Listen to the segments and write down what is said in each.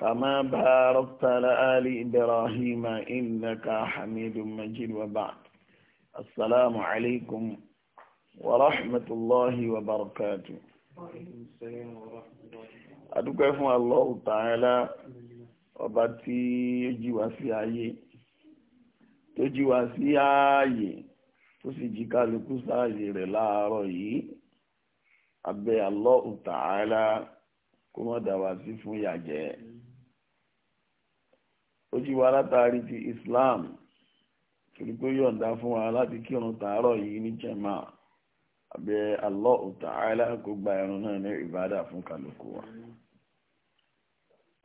كما باركت على آل إبراهيم إنك حميد مجيد وبعد السلام عليكم ورحمة الله وبركاته wa fún wa sí ayé tó jí wa sí ààyè tó sì jí kálukú sáàyè Allah utaala ó jí wa látàrí ti Islam torí pé yọ̀ǹda fún wa láti kírun tàárọ̀ yìí ní jẹ̀mà abẹ́ Allahu Ta'ala kó gba náà ní ìbádà fún wa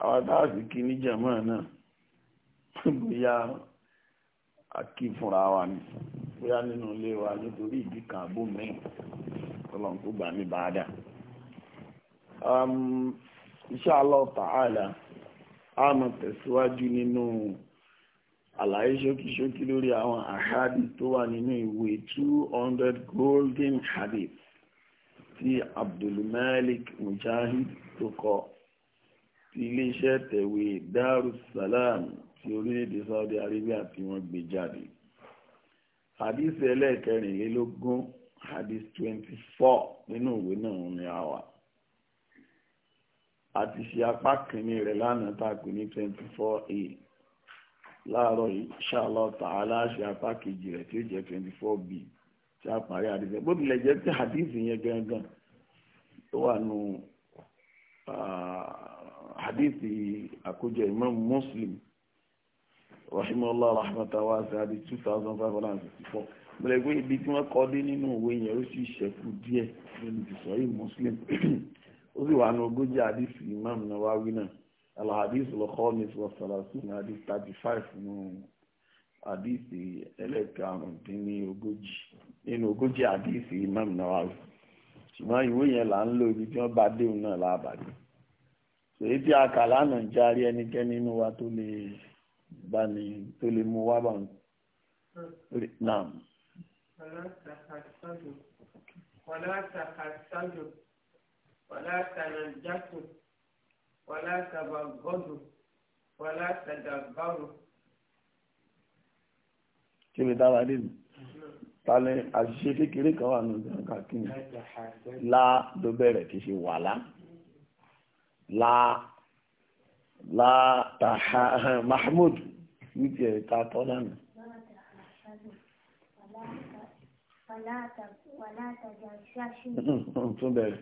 àwọn táàsì kí ní jẹ̀mà náà bóyá akí fúnra wa ni bóyá nínú ilé wa nítorí ìdí kan àbó mẹ́rin tọ́lọ́n kó gbà a máa tẹ̀síwájú nínú àlàyé ṣókíṣókí lórí àwọn àhádì tó wà nínú ìwé 200 golden hadith tí abdulmalik mujahid tó kọ ti iléeṣẹ́ tẹ̀wé darussalam ti orílẹ̀-èdè saudi arabia tí wọ́n gbé jáde hadith ẹlẹ́ẹ̀kẹrìnlélógún hadith 24 nínú ìwé náà ni a àti ṣe apá kìíní rẹ̀ lánàá tá a pè ní twenty four a láàárọ̀ insha Allah apá kejì rẹ̀ tí ó jẹ́ twenty b tí a parí àdìsẹ́ bó tilẹ̀ jẹ́ pé àdìsí yẹn gangan tó wà nù àdìsí àkójọ Imam Muslim rahimahullah rahmatan wasi'a àdìsí two thousand five hundred and sixty four mọ̀lẹ́gbẹ́ ibi tí wọ́n kọ́ dé nínú òwe yẹn ó sì ṣẹ́kù díẹ̀ lónìí ti sọ yìí Muslim ó sì wà ní ogójì àdìsí imam Nawawi náà alahadis lọ́kọ́mis wasalasi ní àdìsí thirty five nù àdìsí ẹlẹ́karùndínlógójì nínú ogójì àdìsí imam Nawawi ṣùgbọ́n ìwé yẹn là ń lò ibi tí wọ́n bá déun náà láàbàdì èyí tí a kà lánàá ń járí ẹnikẹ́ni inú wa tó lè bá ní tó lè mú wá bá ń rí náà. wàlá tàkàtàdù wàlá tàkàtàdù ولا تنجسوا ولا تبغضوا ولا تدبروا kí ni dára lè mú tàlẹ̀ àṣìṣe kékeré kan wà nínú ìjọba kàkínì láà ló bẹ̀rẹ̀ kì í ṣe wà lá láà láà tàhà mahmud ní ti ẹ̀ ta tọ́ lánàá tún bẹ̀rẹ̀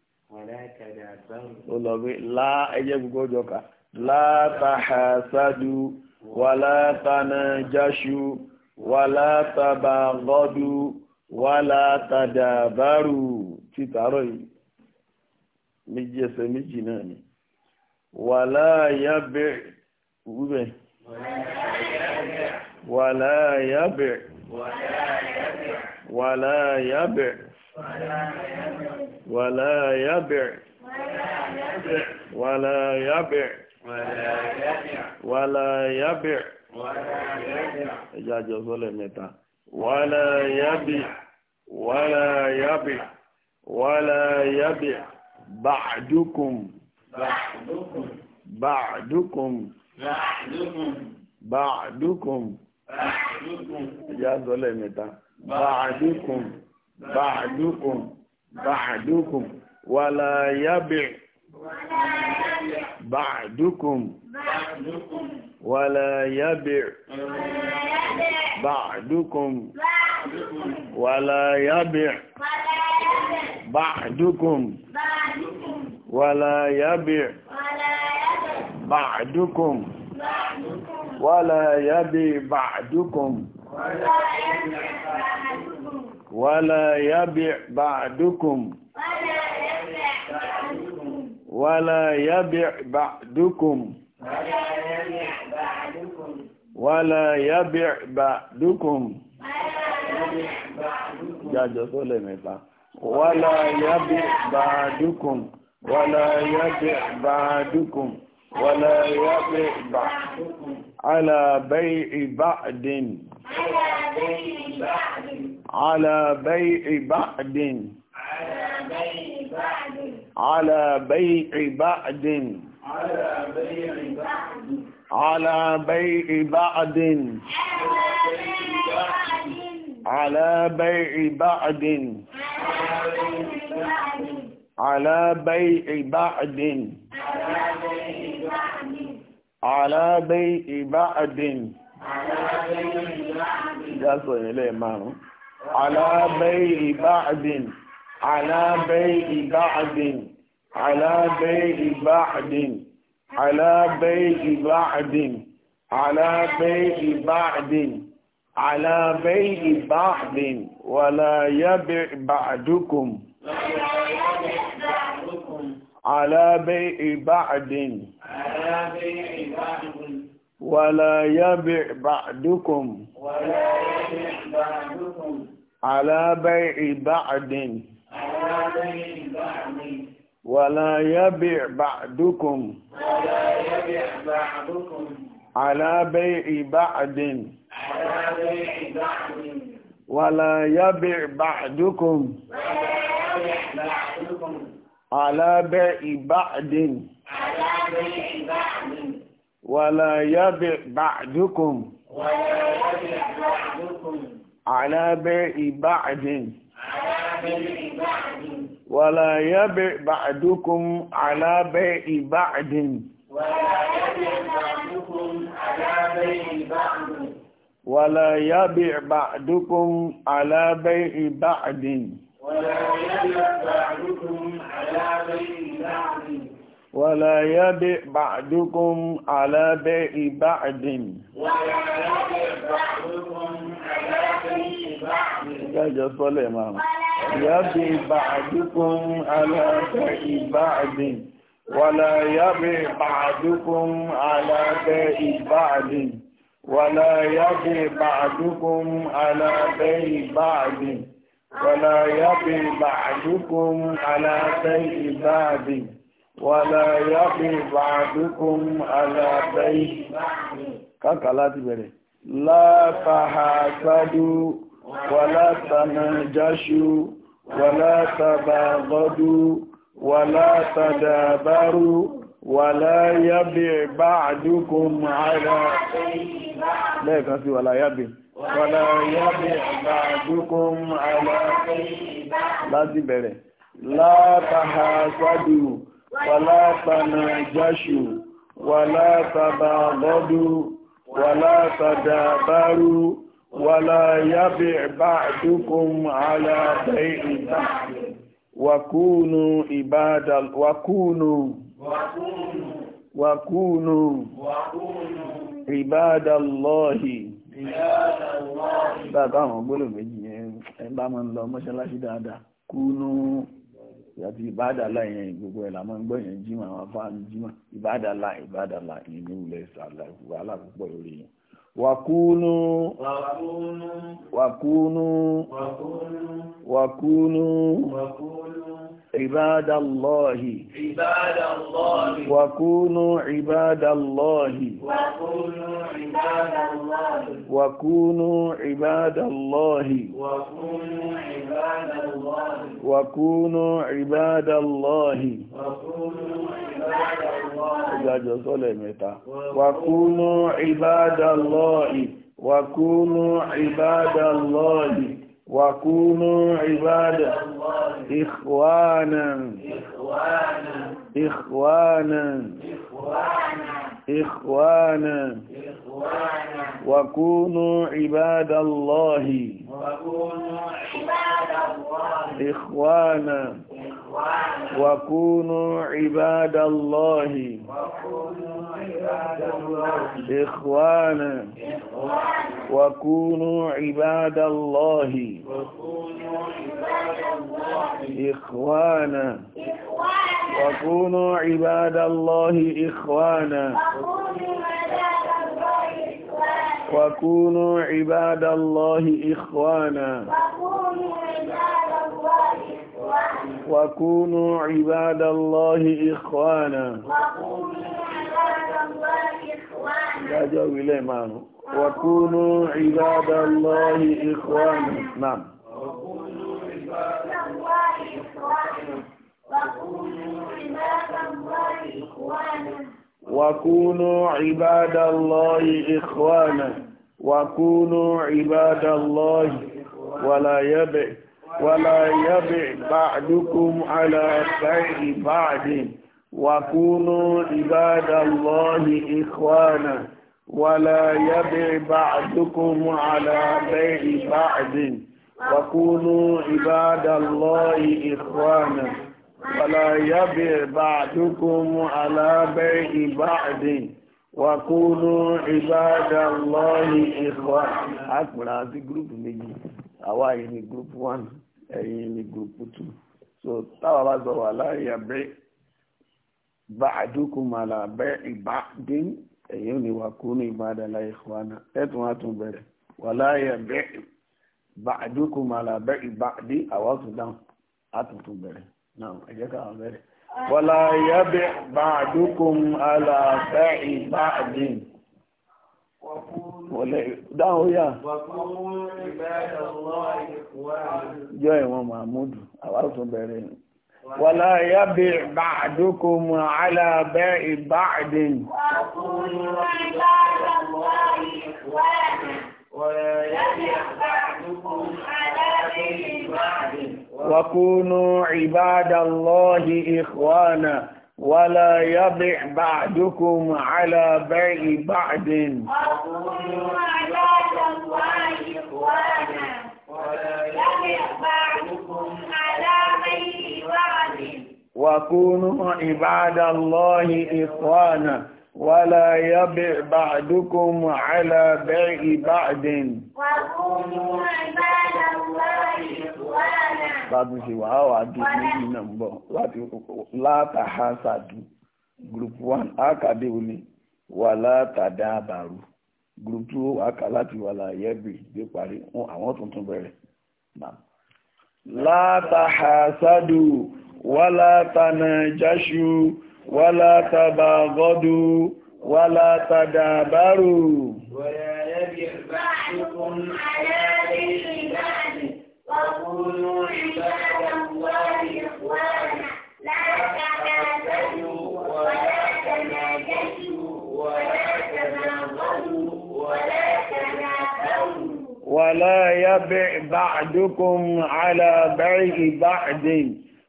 ó lọ pé lá ẹjẹ́ gbogbo ọjọ́ ká látàhásádù wàlátànájáṣù wàlátàbàgọ́dù wàlátàdàbárù títàárọ̀ yìí méjì ẹsẹ̀ méjì náà ni wàláyàbẹ̀ wúbẹ̀ wàláyàbẹ̀ wàláyàbẹ̀ ولا يبع ولا يبع ولا يبع ìjájọ sọ́lẹ̀ mẹ́ta wàlá yábì wàlá yábì wàlá yábì bàdúkùm bàdúkùm bàdúkùm ìjájọ sọ́lẹ̀ mẹ́ta bàdúkùm bàdúkùm ba'dukum wala yabi' ba'dukum wala yabi' ba'dukum wala yabi' ba'dukum wala yabi' ba'dukum wala yabi' ba'dukum wala yabi' ba'dukum ولا يبع بعدكم ولا يبع بعدكم ولا يبع بعدكم جاجو سولي ميبا ولا يبع بعدكم ولا يبع بعدكم ولا يبع بعدكم على بيع بعد على بيع بعد على بيع بعد على بيع بعد على بيع بعد على بيع بعد على بيع بعد على بيع بعد على بيع بعد على بيع بعد على بيع بعد على بيع بعد على بيع بعد على بيع بعد على بيع بعد على بيع بعد على بيع بعد ولا يبع بعدكم على بيع بعد ولا يبع بعدكم ولا يبع بعدكم على بيع بعد ولا يبيع بعدكم ولا يبيع بعدكم على بيع بعد على بيع بعد ولا يبيع بعدكم ولا يبيع بعدكم على بيع بعد على بيع بعد ولا يبيع بعدكم ولا على بيع بعد ولا يبع بعدكم على بيع بعد ولا يبع بعدكم على بيع بعد ولا يبع بعدكم على بيع بعد ولا يبع بعدكم على بيع بعد ولا يبع بعدكم على بيع بعد بعدكم Ìjájọ sọ́lẹ̀ máa. Yábí bá àdúkún aláṣẹ ìbáàdìn. Wàlá yábí bá àdúkún aláṣẹ ìbáàdìn. Wàlá yábí bá àdúkún aláṣẹ ìbáàdìn. Wàlá yábí bá àdúkún aláṣẹ ìbáàdìn. Wàlá yábí bá àdúkún aláṣẹ ìbáàdìn. Káàkà láti bẹ̀rẹ̀. لا تحاسدوا ولا تنجشوا ولا تباغضوا ولا تدابروا ولا يبع بعدكم على لا يكفي ولا يبع ولا يبع بعدكم على لا تبرع لا تحاسدوا ولا تنجشوا ولا تباغضوا wàlá tàdàbárú wàlá yábẹ̀ ba'dukum ala bai'i ba'd wàkúnù ìbádà wàkúnù wàkúnù ìbádà lọ́hì bàbá àwọn gbọ́lọ̀ méjì yẹn bá mọ́ ń lọ mọ́ṣáláṣí dáadáa kúnù àti ìbádàlá yẹn gbogbo ẹ̀ la máa ń gbọ́ yẹn jímọ̀ àwọn afáàní jímọ̀ ìbádàlá ìbádàlá ìyẹn ní wùlẹ̀ ìsàlẹ̀ wàhálà púpọ̀ lórí yẹn وكونوا وكونوا وكونوا عباد الله عباد الله وكونوا عباد الله وكونوا عباد الله وكونوا عباد الله وكونوا عباد الله وكونوا عباد الله وكونوا عباد الله ìdájọ́ sọ́lẹ̀ mẹ́ta wàkúnú ìbádàlọ́ọ̀ì wàkúnú ìbádàlọ́ọ̀ì wàkúnú ìbádà ìkwánàn ìkwánàn ìkwánàn wàkúnú ìbádàlọ́ọ̀ì wàkúnú ìbádàlọ́ọ̀ì ìkwánàn وكونوا عباد الله إخوانا وكونوا عباد الله إخوانا وكونوا عباد الله إخوانا وكونوا عباد الله إخوانا وكونوا عباد الله إخوانا dájọ́ ìwílẹ̀ márùn wàkúnú ìbádà lọ́hì ìkwọ́nù náà wàkúnú ìbádà lọ́hì ìkwọ́nù wàkúnú ìbádà lọ́hì wàlàyẹ́bẹ̀ẹ́ ولا يبع بعدكم على بيع بعد وكونوا عباد الله إخوانا ولا يبع بعدكم على بيع بعد وكونوا عباد الله إخوانا ولا يبع بعدكم على بيع بعد وكونوا عباد الله إخوانا أكبر هذه جروب مجيء àwa yìí ní group one ẹ̀yin ní group two so táwa bá sọ wà láàyè abẹ́ bá àdúkùn àlà abẹ́ ìbá dín ẹ̀yin ní wà kú ní ìbàdàn láyé ìwàna ẹ̀tún àtún bẹ̀rẹ̀ wà láàyè abẹ́ bá àdúkùn àlà abẹ́ ìbá dín àwa tún dáhùn àtúntún bẹ̀rẹ̀ náà ẹ̀jẹ̀ káwọn bẹ̀rẹ̀ wà láàyè abẹ́ bá àdúkùn àlà abẹ́ ìbá dín wọ̀lẹ̀ dáhùn yà jọ ìwọ̀n mahmudu àwárùtún bẹ̀rẹ̀ wàlá yábẹ̀ bàádókò mọ̀ alábẹ́ ìbáàdìn wàkúnú ìbádàlọ́hì ìkwánà ولا يبع بعدكم على بيع بعد وكونوا عباد الله إخوانا ولا يبع بعدكم على بيع بعد وكونوا عباد الله إخوانا láti ṣe group one ákàdé òní wà látàdá group two ákà láti wà láàyè bì dé tuntun bẹ̀rẹ̀ látàhá sàdú wà látànà ولا تباغضوا ولا تدابروا ولا يبيع بعضكم على بيع بعض وقولوا عباد الله إخوانا لا تكاسلوا ولا تناجشوا ولا تباغضوا ولا تنافروا ولا يبع بعضكم على بيع بعض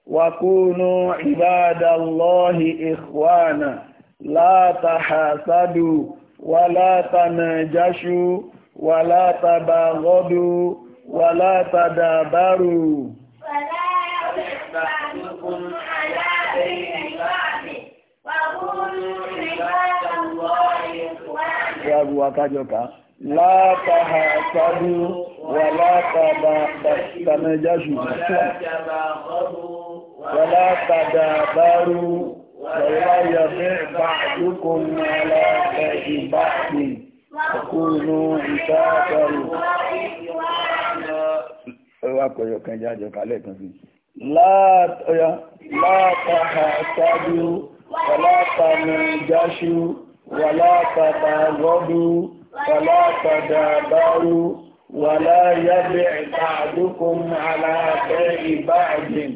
وكونوا عباد الله إخوانا لا تحاسدوا ولا تناجشوا ولا تباغضوا ولا تدابروا ولا يحببكم على بين وكونوا عباد الله إخوانا لا تحاسدوا ولا تناجشوا ولا تباغضوا ولا تدابروا ولا يبع بعضكم على بيع بعض وكونوا عتابا Ọwọ́kọ̀yọ̀ kan jáde kalẹ̀ kan sí. Láàtà àṣájú, wàláàtà mẹ́jáṣú, wàláàtà tàgọ́dú, wàláàtà dàbárú, wàláyàbẹ̀ ìbáàdúkùn aláàbẹ̀ ìbáàdìn.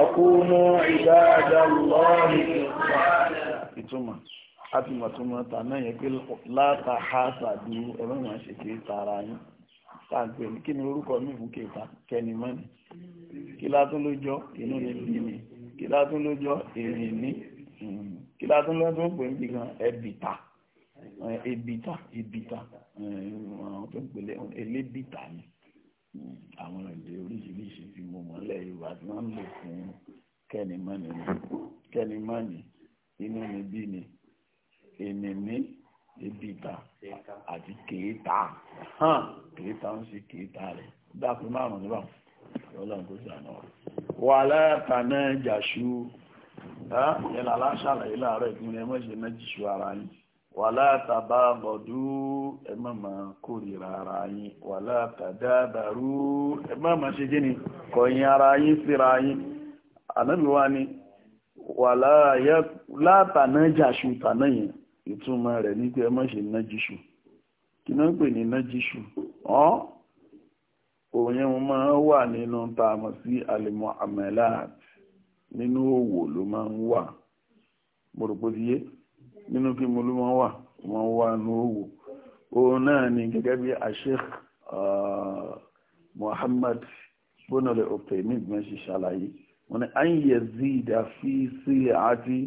وكونوا عباد الله ìtumọ̀ àti mọ̀túnmọ̀ tàná yẹn pé látàá sàdú ẹ̀rọ máa ṣe kí tààrà yín tàgbẹ̀ kí ni orúkọ mi fún kẹta kẹni mọ́ni kí látún ló jọ inú ibi ni kí látún ló èrè ní hmm. kí látún ló tún pè ń bí gan ẹbìta ẹbìta ẹbìta hmm. àwọn tó ń pèlè elébìta ni àwọn èdè oríṣiríṣi fi mú mọ́lẹ̀ yorùbá tí wọ́n ń lò fún kẹ́nìmọ́ni ni kẹ́nìmọ́ni inú mi bí ni èmi mi ebìta àti kèéta hàn kèéta ń ṣe kèéta rẹ̀ dákun márùn níbà ọlọ́run tó sànà rẹ̀ wà látàná jàṣu yẹn làlá ṣàlàyé láàárọ̀ ìpínlẹ̀ mọ́ṣẹ́ náà jìṣu ara yìí wàlá tàbá bọ̀dú ẹ má mà kórìíra ara yín wàlá tàdábàrú ẹ má mà ṣe kíni kọ̀yìn ara yín síra yín ànábì wa ni wàlá yẹ látànà jàṣù tànà yẹn ìtumọ̀ rẹ̀ ní pé ẹ má ṣe nájíṣù kí náà ń pè ní nájíṣù ọ́n òyìn máa wà nínú tààmù sí àlèmọ̀ àmẹ́láàtì nínú òwò ló máa ń wà mọ̀rọ̀pọ̀ nínú kí mo ló máa wà wọ́n wà ní owó òun náà ni gẹ́gẹ́ bí Sheikh ah, Muhammad bonole ope nígbà ṣe ṣàlàyé wọ́n ní an yazida fi sil'ati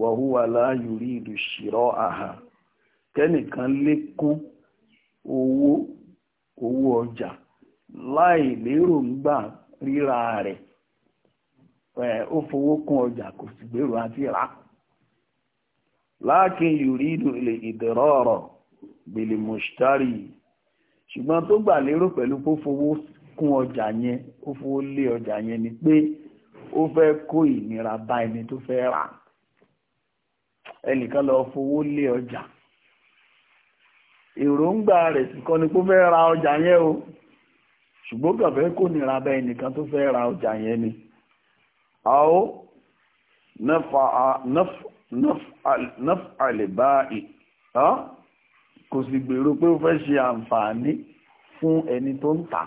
wa huwa la yuridu shira'aha kẹ́nìkan lékún owó owó ọjà láì lérò ń gbà ríra ó fowó kún ọjà kò sì gbèrò àti rà á láàkín yùrídù ilẹ̀ ìdẹ̀rọ̀rọ̀ gbèlè mọ̀ṣítárì ṣùgbọ́n tó gbà lérò pẹ̀lú kó fowó kún ọjà yẹn ó fowó lé ọjà yẹn ni pé ó fẹ́ kó ìnira bá ẹni tó fẹ́ rà ẹnìkan lọ fowó lé ọjà èròǹgbà rẹ̀ sì kọ́ ni kó fẹ́ ra ọjà yẹn o ṣùgbọ́n kàn kó nira bá ẹnìkan tó fẹ́ ra ọjà yẹn ni. àó náfà nọ́fàlẹ̀ báyìí kò sì gbèrò pé ó fẹ́ ṣe àǹfààní fún ẹni tó ń tà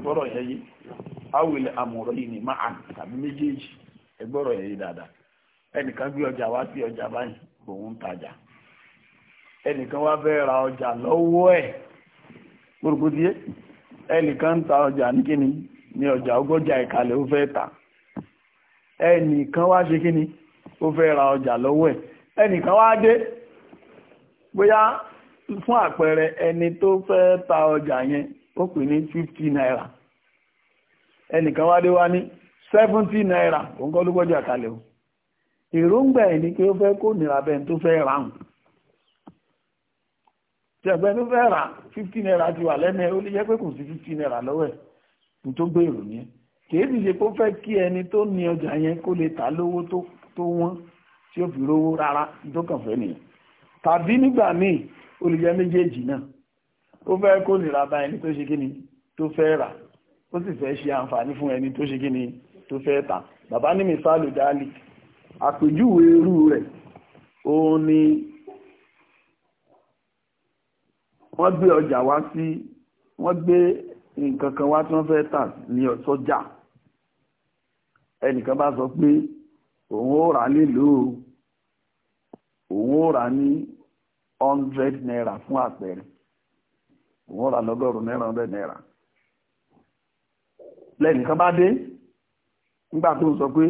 gbọ́rọ̀ yẹn yìí awìlẹ̀ àmọ̀rọ̀ yìí ni máa tàbí méjèèjì ẹgbọ́rọ̀ yẹn yìí dáadáa ẹnìkan gbé ọjà wá sí ọjà báyìí òun ń tajà ẹnìkan wá fẹ́ ra ọjà lọ́wọ́ ẹ̀ gbòrògbòdìyẹ ẹnìkan ń ta ọjà ní ní ọjà ọgọ́jà ìkàlẹ̀ ó fẹ́ tà ẹnìkan wá ṣe kíni ó fẹ́ ra ọjà lọ́wọ́ ẹ̀ ẹnìkan wá dé bóyá fún àpẹẹrẹ ẹni tó fẹ́ ta ọjà yẹn ó pè ní fifty naira ẹnìkan wá dé wá ní seventy naira òun kọ́ ló kalẹ̀ o èròǹgbà ẹ̀ ni pé ó fẹ́ kó nira bẹ́ẹ̀ tó fẹ́ ra hùn tí tó fẹ́ ra fifty naira ti wà lẹ́nu ẹ̀ ta lówó tó wọ́n tí ó fi rówó rárá tó kàn fẹ́ nìyẹn tàbí nígbà míì ó lè jẹ́ méjèèjì náà ó fẹ́ kó nira bá ẹni tó ṣe kíni tó fẹ́ rà ó sì fẹ́ ṣe àǹfààní fún ẹni tó ṣe kíni tó fẹ́ tà bàbá ní mísàlù dálì àpèjúwe irú rẹ̀ ó ní wọ́n gbé ọjà wá sí wọ́n gbé nǹkan kan wá tí wọ́n fẹ́ tà ní ọ̀sọ́jà ẹnìkan bá sọ pé òun ó rà nílùú òun ó rà ní hundred naira fún àpẹẹrẹ òun ó rà lọ́gọ́rùn-ún hundred naira lẹ́nìkan bá dé nígbà tó sọ pé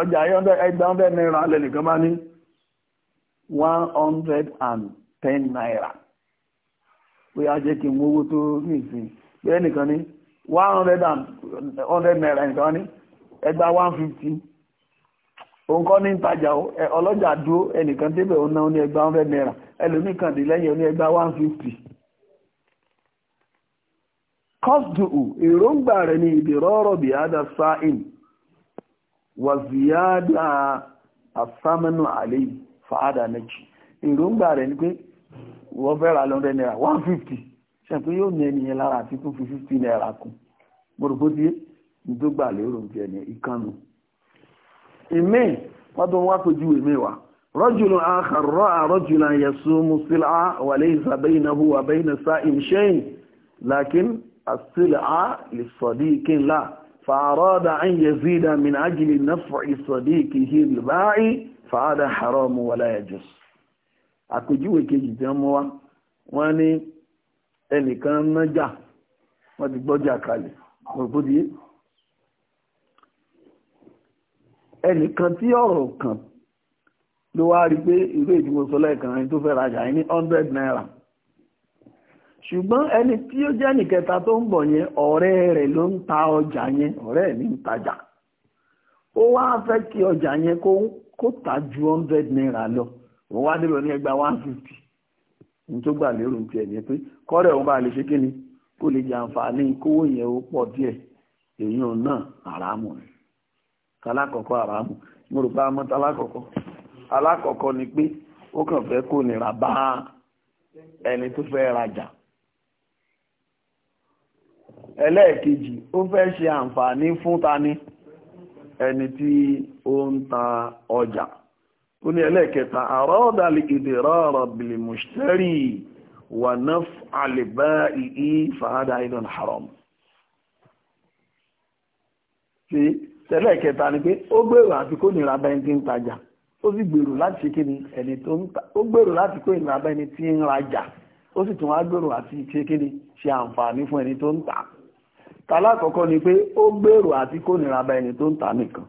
ọjà ẹgbẹ́ hundred naira lẹ́nìkan bá ní one hundred and ten naira bóyá jẹ́ kí n mówó tó ní ìsìn bóyá nìkan ní one hundred and hundred naira nìkan ní ẹgbàá one fifty. òun kọ́ ní ìtajà ọlọ́jà dúró ẹnìkan débẹ̀ òun náà ní ẹgbàá one hundred naira ẹlòmíì kan dé lẹ́yìn òun ní ẹgbàá one fifty. kọ́sùdùú èròǹgbà rẹ̀ ní ìdèrọ́rọ̀ bí ada sáìn wà ziyada asámẹ́nu àlẹ́ fàádà méjì èròǹgbà rẹ̀ ní pé wọ́n fẹ́ ra naira one fifty ṣe pé yóò ní ẹni yẹn lára àti fifty kù mo rò bó ìmí wọ́n tó wọ́n tó ju ìmí wa rọ́jùlù àkàrọ̀ àrọ́jùlù àyẹ̀sù mùsílà wàlẹ́ ìsàbẹ́ ìnáwó àbẹ́ ìnàṣà ìmṣẹ́yìn lakin àṣìlà lè sọ̀dí kínlá fàárọ́dà ń yẹ zídà min ajílì náfọ̀ ìsọ̀dí kìí báyìí fàádà haramu wàlẹ́ ẹ̀jọs àpèjúwe kejì tí wọ́n mú wa wọ́n ní ẹnìkan nájà wọ́n ti gbọ́jà kalẹ̀ òpódìyé ẹnìkan tí ọ̀rọ̀ kàn ló wá rí pé ìwé ìdìbòsọ lẹ́ẹ̀kan ẹni tó fẹ́ rajà ní hundred naira ṣùgbọ́n ẹni tí ó jẹ́ nìkẹta tó ń bọ̀ yẹn ọ̀rẹ́ rẹ̀ ló ń ta ọjà yẹn ọ̀rẹ́ mi ń tajà ó wá fẹ́ kí ọjà yẹn kó tà ju hundred naira lọ òun wá débẹ̀ ní ẹgbàá one fifty ní tó gbà lérò tiẹ̀ yẹn pé kọ́rẹ́ òun bá lè ṣe kí ni kó lè jàǹfààní kówó yẹn ó pọ̀ díẹ̀ èèyàn náà àràmù ni alákọ̀ọ́kọ́ àràmù mo rò pé a mọ́ta alákọ̀ọ́kọ́ alákọ̀ọ́kọ́ ni pé ó kàn fẹ́ kó nira bá ẹni tó fẹ́ rajà ẹlẹ́ẹ̀kejì ó fẹ́ ṣe àǹfààní fún tani ẹni tí ó ń ta ọjà ó ní ẹlẹ́ẹ̀kẹta àrọ́ọ̀dàlì ìdèrọ́ọ̀rọ̀ bìlìmùsítẹ́rì wà náà àlèbá ìhí fàádà ìdàn haram tẹ́lẹ̀ kẹta ni pé ó gbèrò àti kó nira bá ẹni tí ń tajà ó sì gbèrò láti ṣe kíni ẹni tó ń ta ó gbèrò láti kó nira bá ẹni tí ń rajà ó sì tún wá gbèrò àti ṣe kíni ṣe àǹfààní fún ẹni tó ń tà tàlákọ̀ọ́kọ́ ni pé ó gbèrò àti kó nira bá ẹni tó ń tà nìkan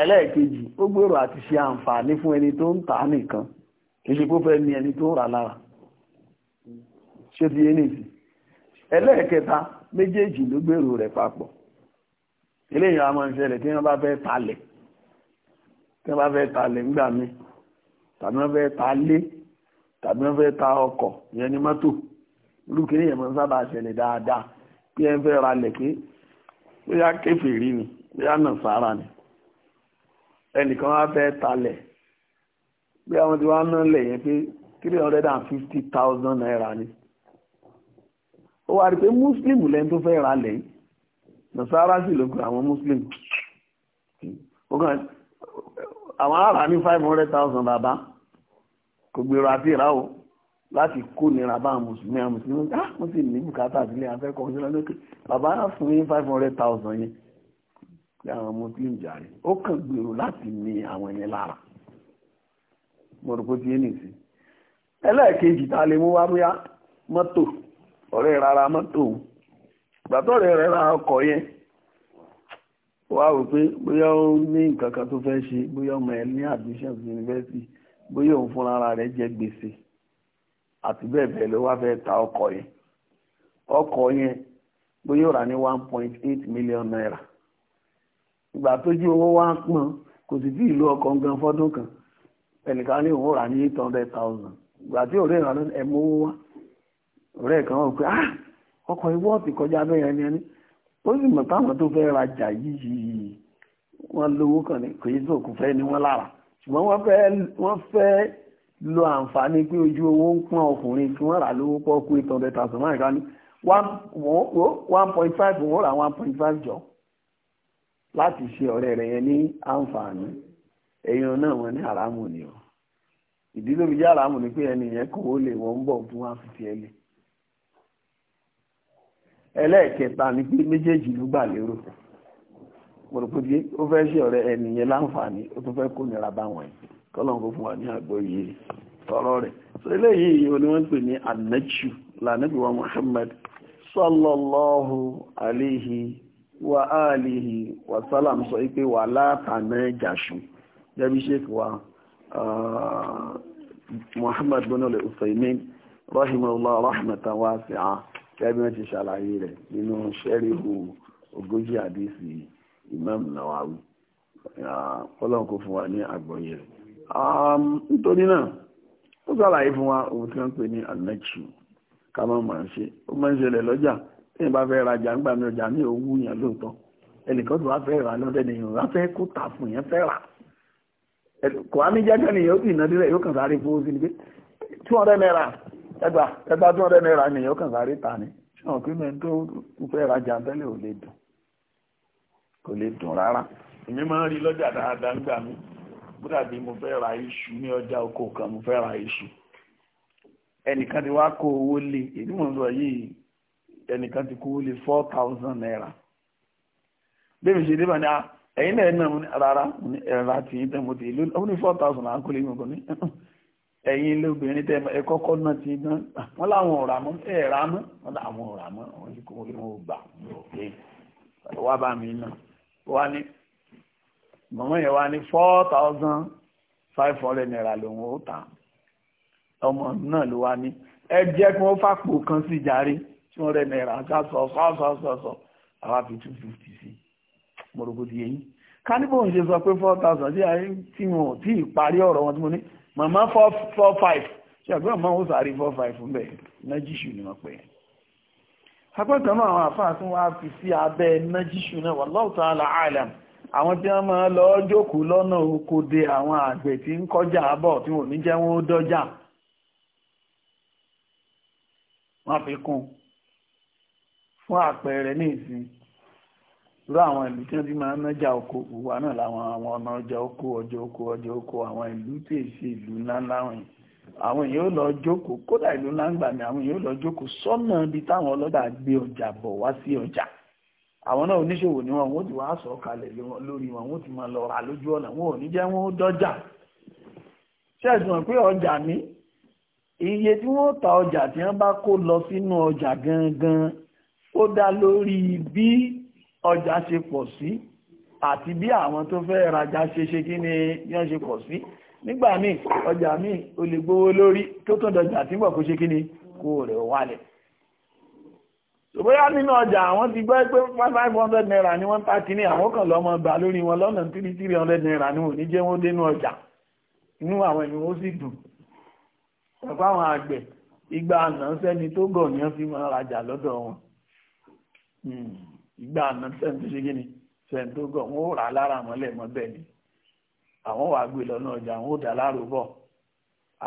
ẹlẹ́ẹ̀kejì ó gbèrò àti ṣe àǹfààní fún ẹni tó ń tà nìkan kì í ṣe kó fẹ́ ni ẹni tó ń rà lára ṣé ti yé nìyí ẹlẹ́ẹ̀kẹta méjèèjì ló gbèrò rẹ̀ papọ̀ eléyìí àwọn ọmọ ìṣẹ̀lẹ̀ tí wọ́n bá ta talẹ̀ tí wọ́n bá ta talẹ̀ ńgbà mi tàbí wọ́n fẹ́ ta lé tàbí wọ́n fẹ́ ta ọkọ̀ ìyẹn ni mọ́tò lùkìrí yẹn máa ń sábà ṣẹlẹ̀ dáadáa bí ẹ fẹ́ ra lẹ̀kẹ́ bóyá kèfèrí ni bóyá nàṣàrà ni ẹnìkan wá fẹ́ talẹ̀ bí àwọn tí wọ́n á ná lẹ̀ yẹn pé three hundred and fifty thousand naira ni ó wá rí i pé muslim lẹ́ni tó fẹ́ ra lẹ̀ yìí nasara sì ló pe àwọn muslim àwọn ará ní five hundred thousand bàbá kò gbèrò àti ìràwọ̀ láti kó nira bá mùsùlùmí àwọn mùsùlùmí ah wọ́n sì ní bùkátà sílé afẹ́kọ̀ọ́ sílẹ̀ lókè bàbá yà fún yín five hundred thousand yẹn pé àwọn muslim jàre ó kàn gbèrò láti ní àwọn yẹn lára mo rò pé tiẹ̀ nìsí ẹlẹ́ẹ̀kejì ta lè mú wá bóyá mọ́tò ọ̀rẹ́ rárá mọ́tò òun gbàtọ́rẹ̀ rẹ̀ ra ọkọ̀ yẹn wá wò pé bóyá ó ní nǹkan kan tó fẹ́ ṣe bóyá ọmọ ẹ̀ ní admission to university bóyá òun fúnra rẹ̀ jẹ gbèsè àti bẹ́ẹ̀ bẹ́ẹ̀ ló wá fẹ́ ta ọkọ̀ yẹn ọkọ̀ yẹn bóyá ó rà ní one point eight million naira ìgbà tójú owó wá pọ̀n kò sì tí ìlú ọkọ̀ gan fọ́dún kan ẹnìkan ní òun rà ní eight hundred thousand ìgbà tí òun rẹ̀ rà lọ́nà ẹ̀mú owó wá òun rẹ̀ kàn wọ́n pé ah ọkọ̀ ìwọ́ọ̀tì kọjá bẹ́yẹn ni ẹni ó sì mọ̀ táwọn tó fẹ́ rajà yìí wọ́n lówó kan ní kò yí tó kò fẹ́ ni wọ́n lára ṣùgbọ́n wọ́n fẹ́ lo àǹfààní pé ojú owó ń pọ́n ọkùnrin kí wọ́n rà lówó pọ́ kú eight hundred thousand máa ká one point five wọ́n rà one point five jọ láti ṣe ọ̀rẹ́ rẹ̀ yẹn ní àǹfààní èèyàn náà wọ́n ní àràmù ni o ìdílé mi jẹ́ àràmù ni pé ẹni yẹn kò ó lè wọ́n bọ̀ fún wá fìfì ẹ̀ lè ẹlẹ́ẹ̀kẹta ni pé méjèèjì ló gbà lérò pòròpòdì ó fẹ́ ṣe ọ̀rẹ́ ẹnìyẹn láǹfààní ó tún fẹ́ kó nira báwọn ẹ̀ kọ́lọ́n kó fún wa ní àgbọ́yé tọ́rọ́ rẹ̀ so eléyìí o ni wọ́n ń pè ní anachu lànàbí wa Muhammad sallallahu alayhi wa alihi wa salam sọ pé wà látànà jàṣù jẹ́bi sheik wa ah, Muhammad bin al-Usaymin rahimahullah rahmatan wasi'a kẹ́bí wọ́n ti ṣàlàyé rẹ̀ nínú ṣẹ́ríhù ogójì àdìsí Imam Nawawi ọlọ́run kò fún wa ní àgbọ́yé rẹ̀ nítorí náà ó ṣàlàyé fún wa ohun tí wọ́n ń pè ní alẹ́kṣù ká má máa ṣe ó máa ń ṣẹlẹ̀ lọ́jà téèyàn bá fẹ́ rajà ńgbà mi ọjà mi ò wú yẹn lóòótọ́ ẹnìkan tó wá fẹ́ rà lọ́dẹ nìyẹn wá fẹ́ kó tà fún yẹn fẹ́ rà kò á ní jẹ́jẹ́ nìyẹn ó sì ná délẹ̀ yóò kàn sáré fún ó sí ni pé two hundred naira ẹgbà ẹgbà tí wọ́n rẹ́ náírà nìyẹn ó kàn sáré ta ni kí tó fẹ́ rajà tẹ́lẹ̀ ò lè dùn kò lè dùn rárá èmi máa ń rí lọ́jà dáadáa ń gbà mí bódà mo fẹ́ ra iṣu ní ọjà oko kan mo fẹ́ ra iṣu ẹnìkan ti wá kó owó lé èdè mò ń sọ yìí ẹnìkan ti kó owó lé four thousand naira bẹ́ẹ̀ mi ṣe dé ah, ẹ̀yin náà ẹ̀ náà rárá tẹ́ mo ti ẹ̀yin lóbìnrin tẹ́ ẹ kọ́kọ́ náà ti dán wọ́n láwọn ọ̀rà mọ́ ẹ̀ rà mọ́ wọ́n láwọn ọ̀rà mọ́ wọ́n ní kó wọn ò gbà òkè bá mi náà wá ní mọ̀mọ́ yẹn wá ní four thousand five hundred naira lòun ó tà ọmọ náà ló wá ní ẹ jẹ́ kí wọ́n fàpò kan sí jàre tí wọ́n naira ká sọ sọ́sọ́sọ́sọ́ àwa fi two fifty sí mọ̀rọ̀kọ̀ ti yẹ yín ká ní ṣe sọ pé four thousand tí wọn ò tí ì parí ọ̀rọ̀ wọn tí mo ní Mama four four five ṣe àgbẹ̀ màmá ó sàárè four five ń bẹ̀ nájíṣù ni wọ́n pè é apẹ́tàn náà àwọn àfáà tún wá fi sí abẹ́ nájíṣù náà wallahu ta'ala alam àwọn tí wọ́n máa lọ jókòó lọ́nà oko de àwọn àgbẹ̀ tí ń kọjá bọ̀ tí wọ́n ní jẹ́ wọ́n dọ́jà wọ́n fi kún fún àpẹẹrẹ ní ìsìn irú àwọn ìlú tí wọ́n ti máa ń nájà oko wà náà làwọn àwọn ọmọ ọjà oko ọjà oko ọjà oko àwọn ìlú tí èyí ṣe ìlú ńláńlá wọn àwọn èèyàn ò lọ jókòó kódà ìlú ńlá ń gbà ní àwọn èèyàn ò lọ jókòó sọ́nà ibi táwọn ọlọ́dà gbé ọjà bọ̀ wá sí ọjà àwọn náà oníṣòwò ni wọn wọn ti wàá sọ kalẹ̀ lórí wọn wọn ti máa lọ rà lójú ọ̀nà wọn ò ní jẹ́ wọn ó dọ́jà ṣẹ́ẹ̀sùn pé ọjà ní iye tí wọ́n ta ọjà tí wọ́n bá kó lọ sínú ọjà gangan ó dá lórí bí ọjà ṣe pọ̀ sí àti bí àwọn tó fẹ́ rajà ṣe ṣe kí ni yán ṣe pọ̀ sí nígbà míì ọjà míì o lè gbówó lórí tó tó dọjà tí wọ́n kó ṣe kí ni kó rẹ̀ wálẹ̀ ṣùgbọ́n nínú ọjà àwọn ti gbọ́ pé five hundred naira ni wọ́n ń ta kínní àwọn kan lọ́mọ gbà lórí wọn lọ́nà three three hundred naira ni wọn ò ní jẹ́ wọ́n dénú ọjà inú àwọn ènìyàn ó sì dùn ẹ̀kọ́ àwọn àgbẹ̀ igba àná sẹ́ni tó gọ̀ ní wọ́n fi máa rajà lọ́dọ̀ wọn. Hmm ìgbà àná sẹ́ni tó ṣe kí ni sẹ́ni tó gọ̀ wọ́n ó rà á lára mọ́lẹ̀ mọ́ bẹ́ẹ̀ ni àwọn wàá gbé lọ́nà ọjà àwọn ò dà láàrò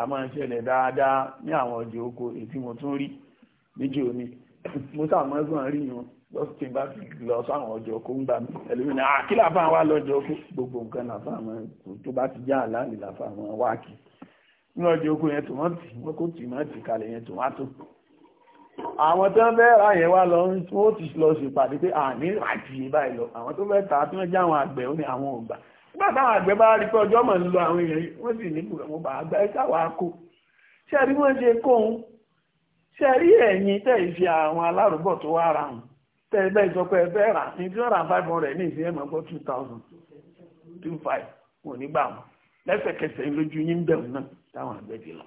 a máa ń ṣẹlẹ̀ dáadáa ní àwọn ọjà oko èyí mo tún rí níjì òní mo sàmọ́ ẹ̀gbọ́n rí yun lọ́sùn tí n bá fi lọ sáwọn ọjà oko ń gbà mí ẹlòmíì ní àkílà bá wa lọ́jà oko gbogbo nǹkan làfà àwọn tó bá ti já àlàálì làfà àwọn wáàkì ní ọjà oko yẹn tòmátì wọn kò tì àwọn tó ń bẹ́ ráyẹ̀ wá lọ ó ti lọ sí ìpàdé pé àní àti báyìí lọ àwọn tó fẹ́ ta tí wọ́n jẹ́ àwọn àgbẹ̀ ó ní àwọn ògbà nígbà táwọn àgbẹ̀ bá rí pé ọjọ́ mọ̀ ń lọ àwọn èèyàn wọ́n sì ní kùrọ̀ wọn bá àgbà ẹ káwàá kó ṣe rí wọ́n ṣe kó òun ṣe rí ẹ̀yìn tẹ̀ ìfi àwọn alárùbọ̀ tó wá ra hàn tẹ̀ ẹgbẹ́ ìsọpẹ́ ẹgbẹ́ rà ní tí wọ́n ra five hundred ní ìsìn ẹ̀mọ́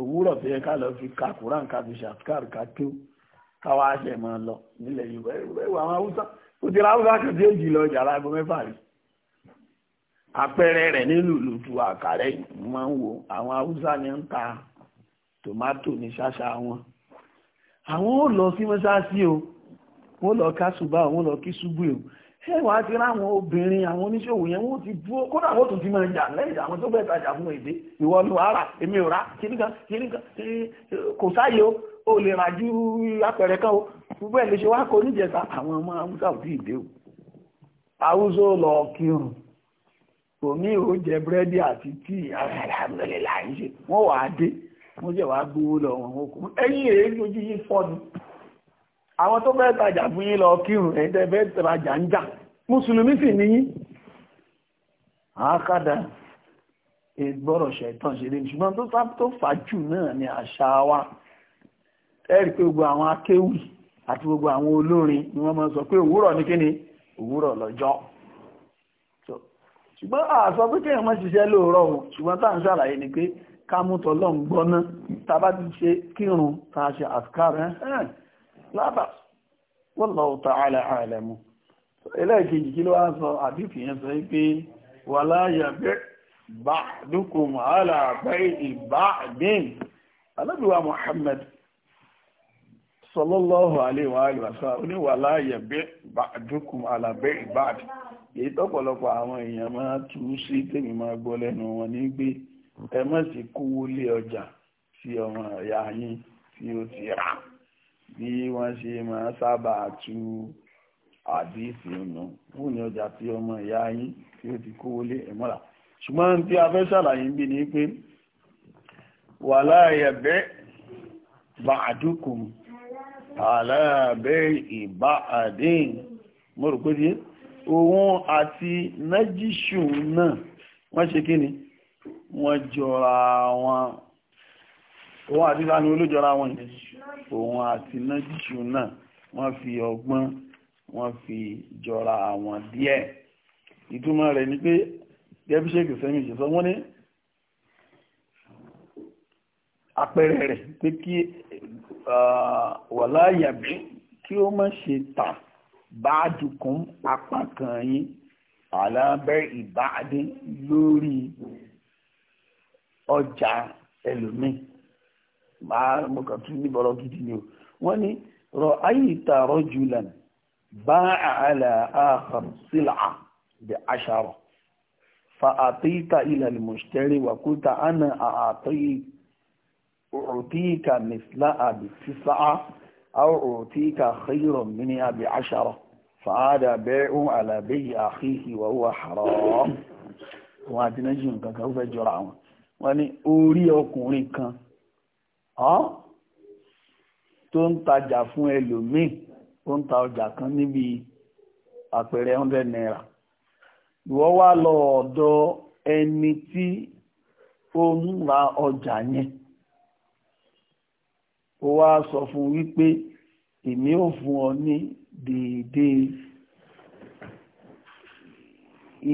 òwúrọ̀ tó yẹ ká lọ fi ka quran ká fi ṣàtúkàrù ká tó káwá ṣe máa lọ nílẹ̀ yorùbá ẹ̀rọ àwọn haúsá ó ti ra haúsá kan tí ó jì lọ jàrá ẹgbẹ́ mẹ́fà rí àpẹẹrẹ rẹ̀ nílùú lùtù àkàrẹ́ máa ń wo àwọn haúsá ni ń ta tòmátò ní ṣáṣá wọn àwọn ò lọ sí mọ́ṣáṣí o wọ́n lọ ká ṣùgbọ́n àwọn ò lọ kí ṣubú ṣé wàá ti ráwọn obìnrin àwọn oníṣòwò yẹn wọ́n ti dúró kódà wọ́n tún ti máa jà lẹ́yìn àwọn tó bẹ́ẹ̀ tajà fún èdè ìwọ ló wàá rà èmi ò rà kíníkan kíníkan kò sáyé o ò lè rà ju apẹ̀rẹ̀ kan o gbogbo ẹ̀ lè ṣe wáá kó oníjẹta àwọn ọmọ haúsá ò tíì dé o haúsá lọ kírun òní ò jẹ búrẹ́dì àti tíì alhamdulillah ń ṣe wọ́n wàá dé wọ́n jẹ́ wàá gbowó lọ wọn ẹ̀yìn èyí ojú yìí fọ́nu àwọn tó fẹ́ tajà fún yín lọ kírun ẹ̀yin tẹ́ fẹ́ tajà ń jà mùsùlùmí sì ní yín ìgbọ́rọ̀ ṣẹ̀tàn ṣe lè ṣùgbọ́n tó sáà fàájù náà ni àṣà wa ẹ̀rí pé gbogbo àwọn akéwì àti gbogbo àwọn olórin ni wọ́n máa sọ pé òwúrọ̀ ní kíni òwúrọ̀ lọ́jọ́ ṣùgbọ́n àṣọ pé kéèyàn máa ṣiṣẹ́ lóòrọ̀ o ṣùgbọ́n tá à ń ṣàlàyé ni pé ká mú tọ́lọ́ ń gbọ́ tá a bá ti ṣe kírun tá a ṣe àṣkárẹ́ lábà wallahu ta'ala a'lamu ẹlẹ́ẹ̀kejì kí ló wá sọ àdífì yẹn sọ pé wala yabi' ba'dukum ala bay'i ba'din alábìwá Muhammad sallallahu alaihi wa alihi wa sallam ní wala yabi' ba'dukum ala bay'i ba'din èyí tọ́pọ̀lọpọ̀ àwọn èèyàn máa tú sí tèmi máa gbọ́ lẹ́nu wọn ní gbé ẹ má sì lé ọjà tí ọmọ ìyá yín tí ó ti rà bí wọ́n ṣe máa sábà tú àdíìsì nù fún ní ọjà tí ọmọ ìyá yín tí ó ti kówó lé ẹ̀mọ́ra ṣùgbọ́n tí a fẹ́ ṣàlàyé ń bí ni pé wà láàyẹ̀bẹ́ bá àdúkùn àlàbẹ́ ìbá àdín mo rò pé díẹ̀ òun àti nájíṣù náà wọ́n ṣe kí ni wọ́n jọra wọn òun àti ìlànà olójọra wọn yìí òun àti nájíṣu náà wọ́n fi ọgbọ́n wọ́n fi jọra àwọn díẹ̀ ìtumọ̀ rẹ̀ ni pé gẹ́bíṣẹ́kì sẹ́mi ìṣẹ́sọ́ wọ́n ní àpẹẹrẹ rẹ̀ pé kí wà láyàbí kí ó má ṣe tà bá dùkún apá kan yín àlábẹ́ ìbáadé lórí ọjà ẹlòmíì máa mo kàn tún ní bọ̀rọ̀ gidi ni o wọ́n ní rọ ayíta rajulan bá àlà akhar sílà bí aṣàrọ̀ fa àtẹ́yíta ila al-mushtari wà kúta ana àtẹ́yí òtíkà mìsílá àbí sísá àwọn òtíkà khayran mini àbí aṣàrọ̀ fàádà bẹ́ẹ̀hún àlàbẹ́yì àkíhì wà wà haram wọn àti náà jù nǹkan kan fẹ́ jọra wọn wọn ni orí ọkùnrin kan tó ń tajà fún ẹlòmíì ó ń ta ọjà kan níbi àpẹẹrẹ hundred naira ìwọ wá lọ ọ̀dọ̀ ẹni tí ó ń ra ọjà yẹn ó wá sọ fún wípé èmi ò fún ọ ní déédéé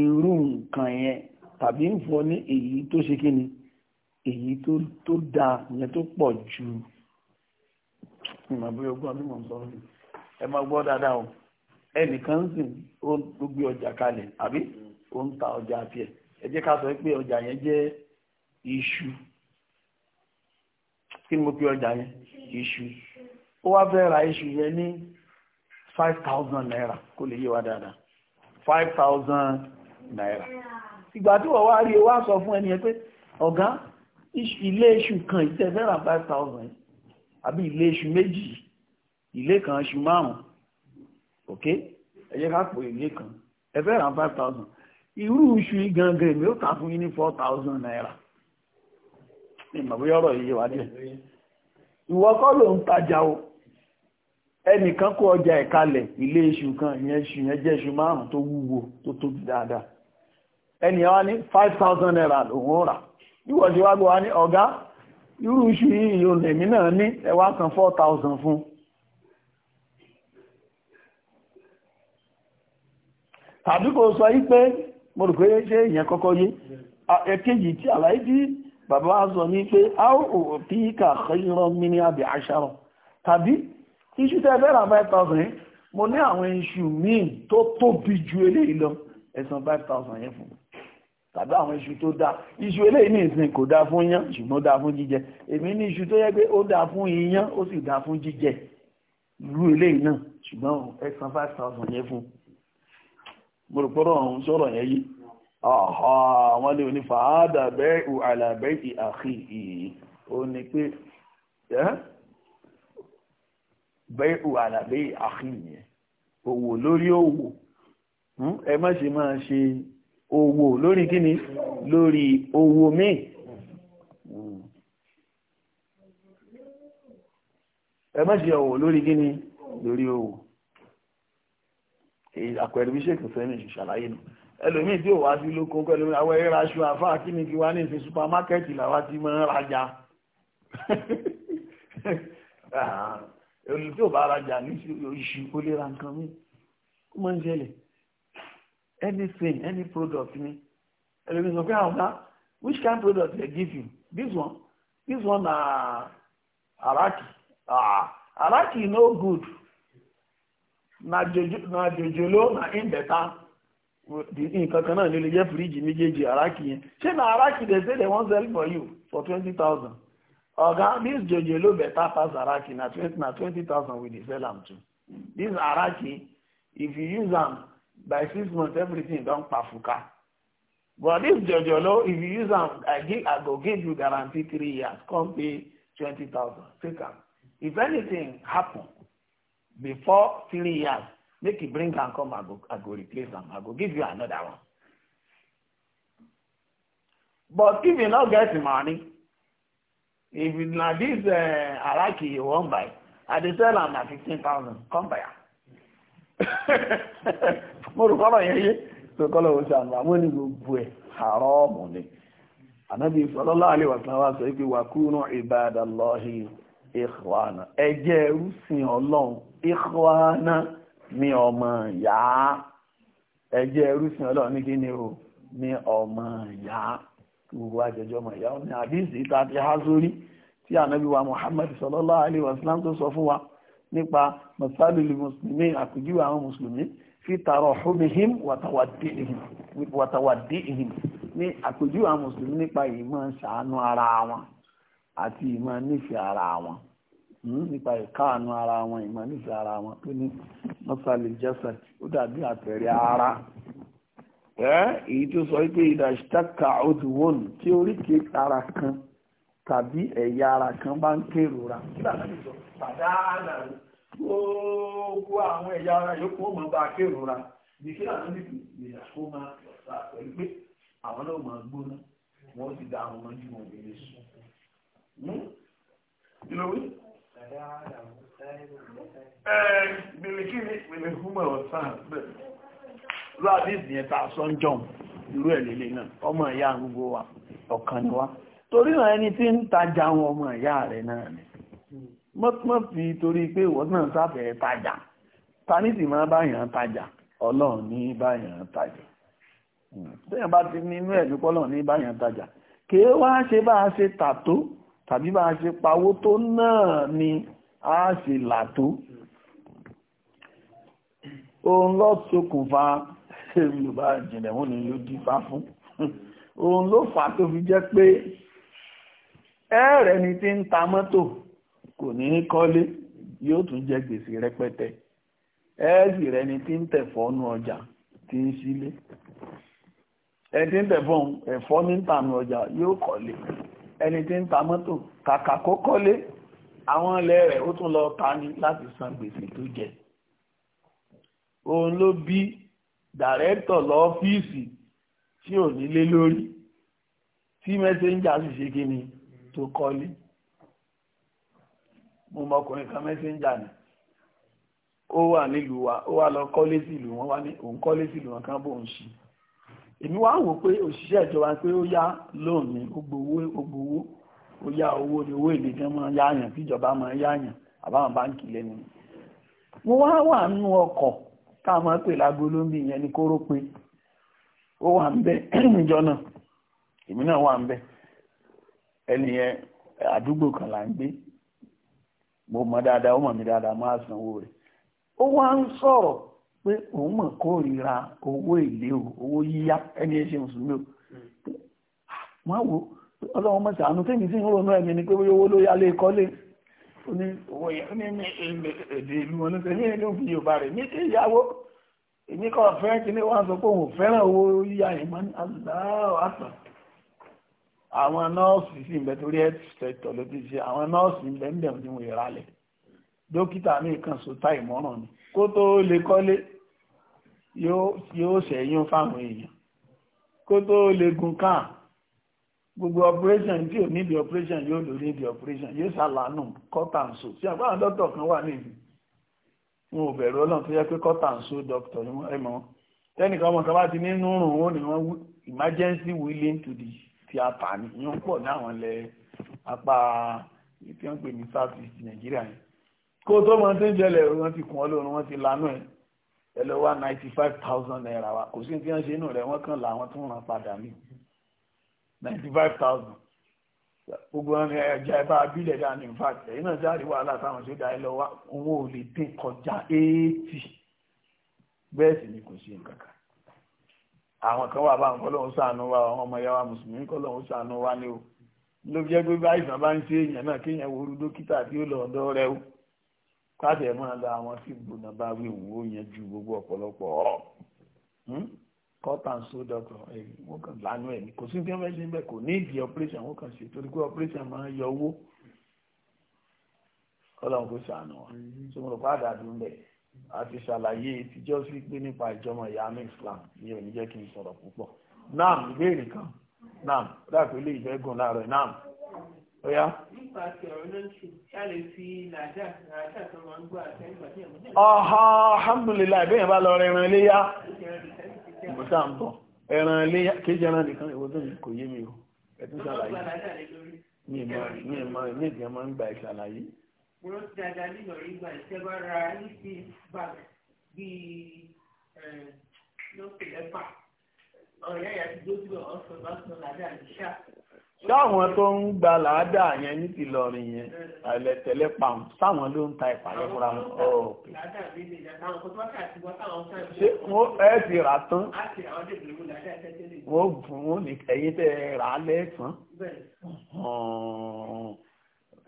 irú nǹkan yẹn tàbí ń fún ọ ní èyí tó ṣe kí ni èyí tó dáa ìyẹn tó pọ̀ jù ìmọ̀ bóyá ogún ọdún mọ̀ ń sọ ọ́ ẹ máa gbọ́ dáadáa o ẹnìkan sì ó gbé ọjà kalẹ̀ àbí ó ń ta ọjà àti ẹ̀ ẹ jẹ́ ká sọ pé ọjà yẹn jẹ́ iṣu kí ni mo pe ọjà yẹn iṣu ó wá fẹ́ ra iṣu yẹn ní five thousand naira kó lè yé wa dáadáa five thousand naira ìgbà tí wọ́n wá rí o wá sọ fún ẹni yẹn pé ọ̀gá ilé iṣu kan ìtẹ́ fẹ́ra five thousand àbí ilé iṣu méjì ilé kan iṣu márùn-ún ok ẹ jẹ́ ká pò ilé kan ẹ fẹ́ra five thousand irú iṣu gangan èmi ó ta fún yín ní four thousand naira ní ìmọ̀ bóyá ọ̀rọ̀ yìí wà díẹ̀ ìwọ kọ́ ló ń tajà o ẹnìkan kó ọjà ìkalẹ̀ ilé iṣu kan ìyẹn iṣu yẹn jẹ́ iṣu márùn-ún tó wúwo tó tóbi dáadáa ẹnìyàn wá five thousand naira lòun rà ìwọ̀ sí wá gbọ́ wá ní ọ̀gá irú iṣu yìí yóò lèmi náà ní ẹ wá san four thousand fún tàbí kò sọ yí pé mo rò pé ṣé ìyẹn kọ́kọ́ yé ẹ̀kejì tí àlàyé tí bàbá wa sọ ní pé a ò fi kà xeyìnrán mi ní abẹ aṣáró tàbí iṣu tẹ́ fẹ́ ra five thousand yẹn mo ní àwọn iṣu míì tó tóbi ju eléyìí lọ ẹ san five thousand yẹn fún tàbí àwọn iṣu tó dáa iṣu eléyìí ní ìsìn kò dáa fún yán ṣùgbọ́n dáa fún jíjẹ èmi ní iṣu tó yẹ pé ó dáa fún iyán ó sì dáa fún jíjẹ irú eléyìí náà ṣùgbọ́n ẹ san five thousand yẹn fún mo rò pọ́rọ̀ ọ̀hún sọ̀rọ̀ yẹn yìí àwọn lè ní fàádà bẹ́ẹ̀ ù àlàbẹ́ ìhàkì ìyí ó ní pé bẹ́ẹ̀ ù àlàbẹ́ ìhàkì ìyẹn òwò lórí òwò hm, ẹ má ṣe máa ṣe owó lórí kíni lórí owó míì ẹ má ṣe ọ̀wọ̀ lórí kíni lórí owó àpẹẹrẹ bí ṣèkùn fẹ́mi ṣàlàyé nù ẹlòmíì tí ò wá sí lóko pẹ̀lú àwọn ẹ̀rọ aṣọ àfáà kí ni kí wá ní ìsìn súpámákẹ́ẹ̀tì làwa ti máa ń rajà olùtí ah, ò bá rajà ní oṣù kó lè ra nǹkan mi ó máa ń ṣẹlẹ̀ anything any product ni ẹlòmíín sọ pé àwọn ah, ọ̀gá which kind product they give you this one this one na uh, araki ah araki ah, no good na jòjòló na in indẹta nǹkan kan náà ló lè jẹ́ fíríjì méjèèjì araki yẹn ṣé na araki they say they wan sell for you for twenty thousand oga this jòjòló better pass araki na twenty na twenty thousand we dey sell them to this araki if you use them by six months everything don kpafuka but this jojolo if you use am i give i go give you guarantee three years come pay twenty thousand take am if anything happen before three years make you bring am come i go i go replace am i go give you another one but if you no get money if na this uh, eh, araki you wan buy i dey sell am na fifteen thousand come buy am mo rò kọ́lọ̀ yẹn yé tó kọ́lọ̀ ó ṣàmù àwọn ní gbogbo ẹ̀ haramu ni ànábì sallallahu alaihi wasallam wá sọ pé wa kunu ibadallahi ikhwana ẹ jẹ́ ẹrúsìn ọlọ́run ikhwana ní ọmọ ìyá ẹ jẹ́ ẹrúsìn ọlọ́run ní kí ni o ní ọmọ ìyá gbogbo àjẹjọ ọmọ ìyá ọmọ àdìsí tá ti há sórí tí ànábì wa Muhammad sallallahu alaihi wasallam tó sọ fún wa nípa masalul mùsùlùmí àpèjúwe àwọn mùsùlùmí fi tarahumihim watawaddihim ní àpèjúwe àwọn mùsùlùmí nípa ìmọ̀ ṣàánú ara wọn àti ìmọ̀ nífẹ̀ẹ́ ara wọn hmm? nípa ìkáànú ara wọn ìmọ̀ nífẹ̀ẹ́ ara wọn tó ní masalul jasad ó dàbí àpẹẹrẹ ara èyí tó sọ wípé ìdàṣítàkà òdùwọ̀n tí oríkèé ara kan tàbí ẹ̀yà ara kan bá ń kérora pàdánà gbogbo àwọn ẹ̀yà ara yòókù ó máa bá kérora bí kí làwọn níbi ìyà kó máa sà pẹ̀lú pé àwọn náà máa gbóná wọ́n ti da àwọn ọmọdé wọn òbí hmm? lè sùn. ìlòwí bìlìkìlì bìlì húmọ̀ ọ̀sán bẹ́ẹ̀ lọ́wọ́ àdìsí yẹn tá a sọ ń jọ̀hún irú ẹ̀ lélẹ̀ náà ọmọ ìyá gbogbo wa ọ̀kan ni wá torí náà ẹni tí ń tajà àwọn ọmọ ìyá rẹ̀ náà ni mọ́túnmọ́ fi torí pé ìwọ náà sáfẹ́ tajà tani sì máa báyàn tajà ọlọ́run ní báyàn tajà hmm. tẹ́yàn bá ti nínú ẹ̀ nípa ọlọ́run ní báyàn tajà kì í wá ṣe bá a ṣe tà tó tàbí bá a ṣe pawó tó náà ni a ṣe là tó òun ló ṣokùnfà yorùbá jìnlẹ̀ wọn ni ló dífá fún òun ló fà tó fi jẹ́ pé ẹ̀rẹ̀ ni tí ń ta mọ́tò kò ní í kọ́lé yóò tún jẹ gbèsè rẹpẹtẹ ẹ̀ẹ́sì rẹ ni tí ń tẹ̀fọ́nú ọjà tí ń sílé ẹni tí ń tẹ̀fọ́n ẹ̀fọ́ ní tànú ọjà yóò kọ́lé ẹni tí ń ta mọ́tò kàkà kó kọ́lé àwọn ilẹ̀ rẹ̀ ó tún lọ ta ni láti san gbèsè tó jẹ òun ló bí dàrẹ́tọ̀ lọ́fíìsì tí ò nílé lórí tí mẹ́sẹ̀ńjà sì ṣe kí ni tó kọ́lé mo mọ ọkùnrin kan mẹ́sẹ́ńjà ni ó wà nílùú wa ó wá lọ kọ́lé sí ìlú wọn wá ní òun kọ́lé sí ìlú wọn kan bó ń ṣe èmi wá wò pé òṣìṣẹ́ ìjọba pé ó yá lóun ní ogbowó ogbowó ó yá owó ní owó èlé tí wọ́n máa yáyàn tí ìjọba máa yáyàn àbáwọn báńkì lẹ́nu mo wá wà nínú ọkọ̀ táwọn pè lágbo lóńbì yẹn ní kórópin ó wà ń bẹ níjọ náà èmi náà wà ń bẹ ẹni yẹn àdúgbò kan là ń gbé mo mọ̀ dáadáa ó mọ̀ mí dáadáa máa sanwó rẹ̀ ó wá ń sọ̀rọ̀ pé òun kórìíra owó èlé o owó yíyá ẹni ṣe mùsùlùmí o wọ́n ah, wo ọlọ́run mọ̀ sàánú tí mi sì ń ronú ni pé bóyá owó ló yálé kọ́lé ó ní owó yẹn ní èdè ìlú wọn ní yorùbá ní ìyàwó èmi kí ni wọ́n sọ pé òun fẹ́ràn owó àwọn nọ́ọ̀sì sì ń bẹ torí health sector ló ti ṣe àwọn nọ́ọ̀sì ń bẹ ń bẹ̀ ní wòye ralẹ̀ dókítà ní ìkan sọta ìmọ̀ràn ni kó tó lè kọ́lé yóò ṣẹ̀yún fáwọn èèyàn kó tó lè gun káà gbogbo operation tí ò níbi operation yóò lò níbi operation yóò ṣàlànà cut and sew tí àgbà àwọn kan wà níbi wọn ò bẹ̀rù ọlọ́run tó yẹ pé cut and sew doctor ẹ mọ̀ tẹ́nìkan ọmọ kan bá ti ní nínú rùn wọn emergency willing to the tíátà ni ìyẹn pọ̀ ní àwọn ilẹ̀ apá tí wọ́n pè ní south east nàìjíríà yẹn kó tó mọ tó ń jẹlẹ̀ wọ́n ti kún ọ lóorun wọ́n ti lanú ẹ̀ ẹ lọ wá ninety five thousand naira wa kò sí ní tí wọ́n ṣe inú rẹ̀ wọ́n kàn láwọn tó ń ràn padà mí ninety five thousand gbogbo wọn ni ẹja ẹ bá abílẹ̀ dání in fact ẹ̀yin náà jáde wàhálà táwọn tó dá ẹ lọ wá òun ò lè dín kọjá eighty bẹ́ẹ̀ sì ni kò sí nǹkan kan àwọn kan wà bá ń kọ́ lóun ṣàánú wa àwọn ọmọ ìyá wa mùsùlùmí kọ́ lóun ṣàánú wa ni o ló fi jẹ́ pé bá ìsàn bá ń ṣe èèyàn náà kéèyàn wo dókítà tí ó lọ ọ̀dọ̀ rẹ̀ o káàtì ẹ̀ máa lọ àwọn tí gbóná bá wí òun ó yẹn ju gbogbo ọ̀pọ̀lọpọ̀ ọ̀rọ̀ kọ́tà ń so dọ́kọ̀ ẹ̀ wọ́n kàn lánàá ẹ̀ kò sí bí wọ́n fẹ́ kò ní ìdí ọ̀pẹ́rẹ́sì wọ́n kàn ṣe torí pé ọ̀pẹ́rẹ́sì máa ń yọ owó ọlọ́run kò ṣàánú wọn tí àdàdùn bẹ̀ àti ṣàlàyé tíjọ́ sí pé nípa ìjọmọ̀ ìyanu Islam ní òní jẹ́ kí n sọ̀rọ̀ púpọ̀ naam ìbéèrè kan naam dápẹ́ ilé ìfẹ́ gùn láàárọ̀ naam ó yá. alhamdulilayi bẹ́ẹ̀ bá lọ ẹran iléyà mo sá ń bọ̀ ẹran iléyà kéjì ẹran nìkan ìwọ tó kò yé mi o ẹ ṣàlàyé mi ìmọ̀ mi ìmọ̀ mi ìdí ìṣàlàyé wọ́n ti dáadáa nínú ìgbà ìjọba ra ẹ̀yìnkì bàbà bíi lọ́pẹ̀lẹ́pà ọ̀rẹ́ ẹ̀yà ti dójú ọ̀sán bá sọ làádá ìṣá. sáwọn tó ń gba làádá yẹn ní tìlọrin yẹn àìlẹtẹlẹ pàm sáwọn ló ń ta ìpàdé fúnra wọn. làádá mi lè dá táwọn kó tó wá kà sí wọn táwọn sáà. ṣé wọn ẹ ti rà tán. á ti rà wọn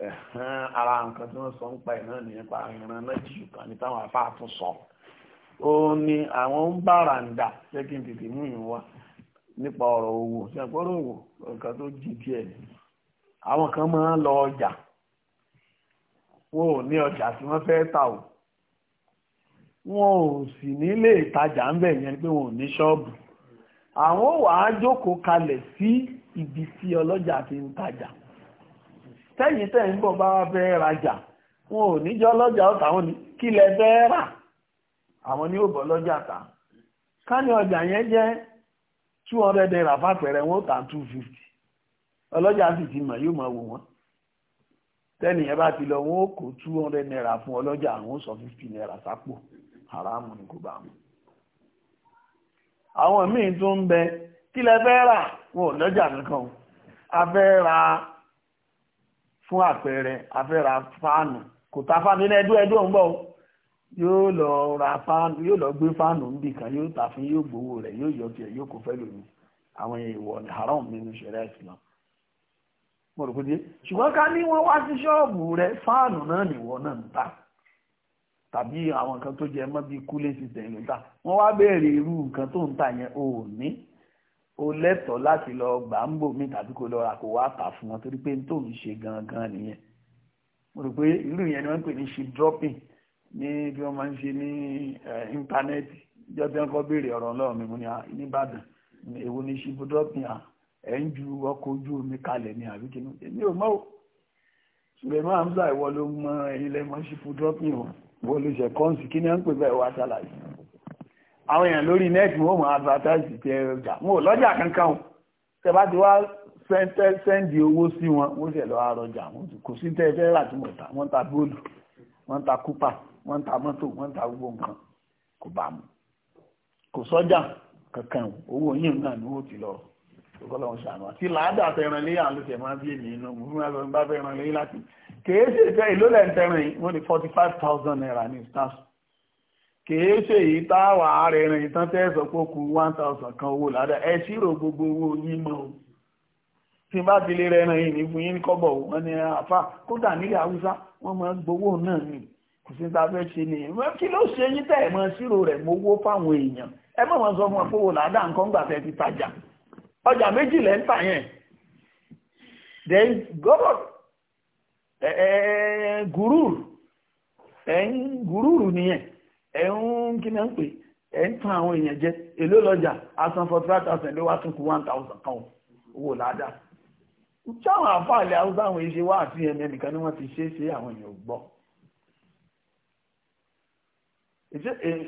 ara nǹkan tí wọ́n sọ ń pa ìran nìyẹn pa ìran náà kan ní táwọn afá tún sọ ó ní àwọn ń bàràǹdà jẹ́ kí n tètè mú ìyún wá nípa ọ̀rọ̀ owó ṣàpọ̀rọ̀ owó nǹkan tó jí díẹ̀ àwọn kan máa lọ ọjà wọn ò ní ọjà tí wọ́n fẹ́ tà wọn ò sì nílé ìtajà ń bẹ̀ yẹn wọn ò ní ṣọ́ọ̀bù àwọn jókòó kalẹ̀ sí ibi tí ọlọ́jà ti ń tẹ́yìn tẹ́ ń bá wá fẹ́ rajà wọn ò ni kí lẹ fẹ́ rà àwọn ni ó bọ̀ lọ́jà ta ká ọjà yẹn two hundred naira fàpẹ̀rẹ̀ wọn ó tà two fifty ọlọ́jà sì ti mọ̀ yóò wò bá ti lọ wọn ó two hundred naira fún ọlọ́jà àwọn ó sọ fifty naira sápò haramu ni kò bá mu àwọn a fún àpẹẹrẹ afẹ́ra fáànù kò ta fáànù nínú ẹdún ẹdún ọ̀hún bọ̀ yóò lọ ra fáànù yóò lọ gbé fáànù níbì kan yóò tà fún yóò gbowó rẹ yóò yọ tiẹ̀ yóò kó fẹ́ lómi àwọn èèwọ̀ ní haram nínú ṣẹlẹ̀ ìsìlám mo rò pé dé ṣùgbọ́n ká ní wọ́n wá sí ṣọ́ọ̀bù rẹ fáànù náà nìwọ náà ń ta tàbí àwọn nǹkan tó jẹ mọ́ bíi kúlé ti tẹ̀yìn ta wọ́n wá béèrè irú nǹkan tó ń ta yẹn ò o lẹ́tọ̀ọ́ láti lọ gbà ń bò mí tàbí kó lọ ra kó wá tà fún wọn torí pé n tó ń ṣe gangan nìyẹn mo rò pé irú yẹn ni wọ́n ń pè ní ṣe dropping ní bí wọ́n máa ń ṣe ní íńtánẹ́ẹ̀tì ìjọ tí wọ́n kọ́ béèrè ọ̀rọ̀ ọlọ́run mi mo ní nìbàdàn èwo ni ṣe dropping à ẹ̀ ń ju ọkọ̀ ojú omi kalẹ̀ ní àbí kinu èmi ò mọ̀ o Suleiman Hamza ìwọ ló mọ ẹ̀yin lẹ́mọ̀ ṣe dropping o ìwọ ló ṣe kọ́ǹsì kí ni à ń pè bẹ́ẹ̀ wá àwọn èèyàn lórí nẹ́ẹ̀tì wọ́n mọ̀ advertise ti ẹja wọn ò lọ́jà kankan o tẹ bá ti wá sẹ́ndì owó sí wọn wọ́n sì lọ arọjà wọn kò sí tẹ́ fẹ́ rà tí mo ta wọ́n ta bóòlù wọ́n ta kúpà wọ́n ta mọ́tò wọ́n ta gbogbo nǹkan kò bá mu kò sọ́jà kankan o owó yìí náà ni wọ́n ti lọ ọgọ́lọ́run ṣàánú àti làádà tẹran lé àwọn olùsẹ̀ máa ń bí èmi inú mo fún mi bá fẹ́ràn lé láti kèé ṣe ìfẹ́ ìlólẹ̀ ń tẹran yìí forty five thousand naira ní stars kìí ṣe èyí táwà arìnrìn ìtàn tẹ́sọ̀ pé one thousand kan owó ládà gbogbo owó yín mọ́ o tí n bá ti yìí ní kọ́bọ̀ wọn ni àfa kódà nílẹ̀ haúsá wọ́n máa ń gbowó náà ni kò sí ta fẹ́ ṣe nìyẹn kí ló ṣe yín tẹ́ ẹ̀ mọ́ ṣírò mọ fáwọn èèyàn ẹ ẹ̀ ń kí náà ń pè ẹ̀ ń tan àwọn èèyàn jẹ èló lọ́jà asan for three thousand ló wá tún kù one thousand kan owó làádá táwọn àfààlẹ̀ haúsá àwọn èṣe wá àti ẹ̀mẹ́ nìkan ni wọ́n ti ṣe é ṣe àwọn èèyàn gbọ́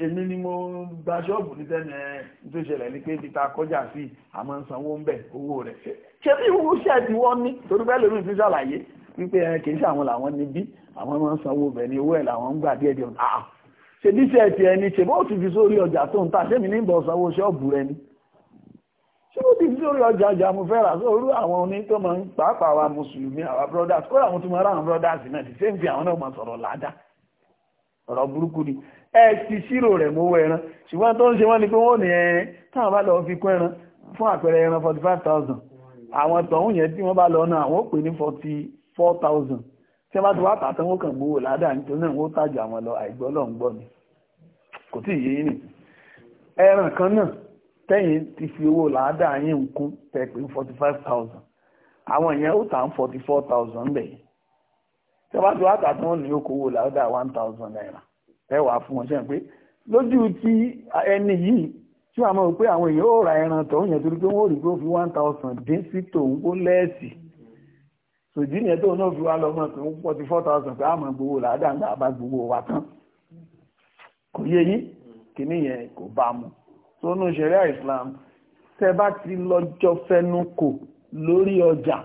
èmi ni mo gba ṣọ́ọ̀bù ní tẹ́nu ẹ̀ tó ṣẹlẹ̀ ní pé peter kọjá sí àmọ́ sanwó ń bẹ̀ owó rẹ̀ ṣe bí irú iṣẹ́ tí wọ́n ní torí bẹ́ẹ̀ lórí ìfisà àlàyé wípé kì í ṣe àwọn làwọn níbí àwọn máa ń sanwó bẹ̀ ní owó ẹ̀ làwọn ń gbà díẹ̀ ṣe bí ṣe ẹ̀tì ẹni ṣe bó ti fi sórí ọjà tó ń ta ṣé ní bọ̀ sanwó ṣọ́ọ̀bù rẹ ṣé ó ti fi sórí ọjà ọjà mo fẹ́ rà sórí àwọn oní tó máa ń pàápàá wa mùsùlùmí àwa brothers kó àwọn tó máa ráwọn brothers náà ti ṣé àwọn náà máa sọ̀rọ̀ láàdá ọ̀rọ̀ burúkú ni ẹ ti ṣírò rẹ̀ mówó ẹran ṣùgbọ́n tó ń ṣe wọ́n ni pé wọ́n ní ẹ táwọn bá lọ fi kún ẹran fún àpẹẹrẹ ẹran forty five thousand àwọn tọ̀hún yẹn tí wọ́n bá lọ náà àwọn ó pè ní forty four thousand tí wọ́n bá ti wá tà tán wọ́n kàn gbowó ládàá nítorí náà wọ́n tàjà wọn lọ àìgbọ́ lọ́n gbọ́ mi kò tí ì yé nì ẹran kan náà tẹ́yìn ti fi owó ládàá yín ń kún tẹ́ pé forty five thousand àwọn èèyàn ó tà ń forty four thousand bẹ́ẹ̀ tí wọ́n bá ti wá tà tán wọ́n ní okòwò ládàá one thousand naira ẹ wàá fún wọn ṣe pé lójú ti ẹni yìí tí wọ́n mọ̀ pé àwọn èèyàn ó ra ẹran tòun yẹn torí pé wọ́n rí pé ó fi one thousand dín sí tòun ó lẹ́ẹ̀sì sòdí ni ẹ̀tọ́ náà fi wá lọ mọ̀ pé ó forty four thousand pé àmọ́ gbowó làádá ńlá bá gbowó wa tán kò yé yín kíní yẹn kò bá mu sónú ṣẹ̀ríà Islam tẹ́ bá ti lọ́jọ́ fẹ́nu kò lórí ọjà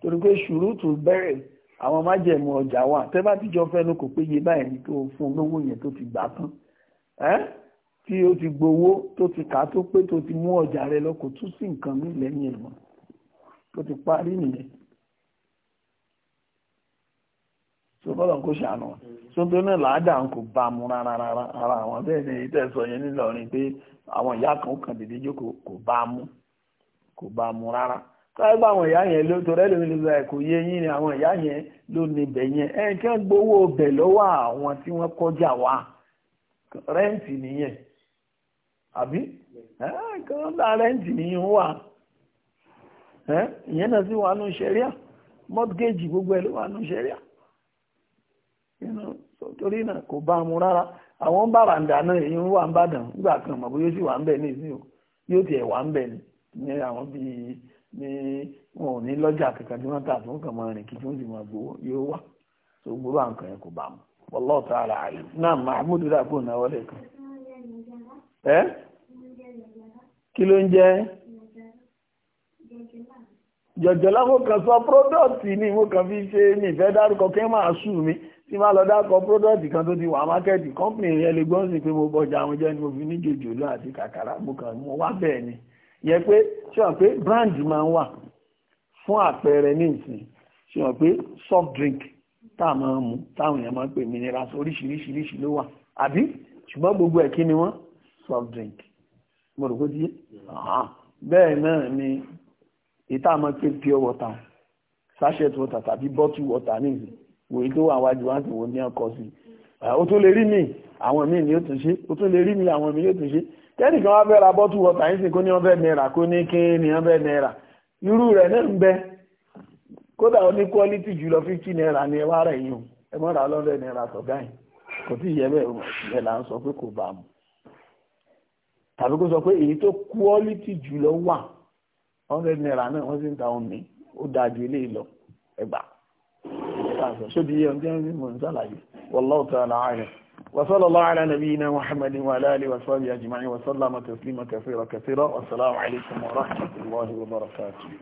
torí pé ṣùrùtù bẹ̀rẹ̀ àwọn májẹ̀mú ọjà wà tẹ́ bá ti jọ fẹ́nu kò péye báyìí ni tó fún lówó yẹn tó ti gbà tán tí ó ti gbowó tó ti kà tó pé tó ti mú ọjà rẹ lọ kò tún sí nǹkan mí lẹ́yìn ẹ̀ mọ́ tó ti parí nìyẹn so bọ́lọ̀ kó ṣàánú so tó náà làádà ń kò bá mu rárá rárá ara àwọn bẹ́ẹ̀ ni ìtẹ́ sọ yẹn nílọrin pé àwọn ìyá kan kàn dédé jókòó kò bá mu kò bá mu rárá káyọ̀ pé àwọn ìyá yẹn ló torẹ́ lómi ló sọ kò yé yín ni àwọn ìyá yẹn ló ní ibẹ̀ yẹn ẹ̀ kí wọ́n gbowó ọbẹ̀ lọ́wọ́ àwọn tí wọ́n kọjá wa rẹ́ǹtì nìyẹn àbí ẹ̀ kí wọ́n dá rẹ́ǹtì nìyẹn wà ẹ̀ ìyẹn náà sì wà nù sẹ́ríà mọ́tígéèjì gbogbo ẹ̀ ló wà nù sẹ́ríà. inú torí náà kò bá mu rárá àwọn bàràǹdà náà èyí ń wà ń bàdàn nígbà kan mọ̀ bóyá ó sì wà ń bẹ̀ ní ìsìn o yóò tiẹ̀ wà ń bẹ̀ ni ní àwọn bíi ní wọn ò ní lọ́jà kankan tí wọ́n tà tó ń kàn rìn kí tí wọ́n sì máa gbowó yóò wà tó àǹkan yẹn sọ ni mo kàn fi ṣe mi dárúkọ kí n máa mi tí máa lọ dákọ̀ product kan tó ti wà mákẹ́tì company yẹn lè gbọ́n sí pé mo bọjà àwọn jẹ́ ni mo fi ní jòjòló àti kàkàrà mo kàn mo wá bẹ́ẹ̀ ni yẹ pé ṣùgbọ́n pé brand máa ń wà fún àpẹẹrẹ ní ìsìn pé soft drink tá a máa ń mu táwọn èèyàn máa ń pè mineral oríṣiríṣiríṣi ló wà àbí ṣùgbọ́n gbogbo ẹ̀ kí ni wọ́n soft drink mo rò kó díẹ̀ bẹ́ẹ̀ náà ni ìta máa pè pure water sachet water tàbí bottle water ní wòye tó wà wájú wá sí wo ní ọkọ̀ sí ó tún lè rí mi àwọn míì ni ó tún ṣe ó tún lè rí mi àwọn míì yóò tún ṣe kẹ́nìkan wá fẹ́ ra bọ́tù wọ́tà yín sì kó ní ọbẹ̀ náírà kó ní kí ní ọbẹ̀ náírà irú rẹ̀ náà ń bẹ kódà ó ní quality jùlọ fifty náírà ni ẹ wá rẹ̀ yín o ẹ mọ́ ra lọ́dẹ̀ náírà sọ̀gá yìí kò tí yẹ bẹ́ẹ̀ bẹ́ẹ̀ là ń sọ pé kò bá mu tàbí kó sọ pé èyí tó quality jùlọ wà hundred naira náà wọ́n sì ń ta omi ó dáa ju eléyìí lọ ẹgbàá sọ ṣóbi yẹ ọdún ẹni mọ̀ sálàyé wallahu ta'ala a'lam wa sallallahu ala nabiyyina muhammadin wa ala alihi wa sahbihi ajma'in wa sallama taslima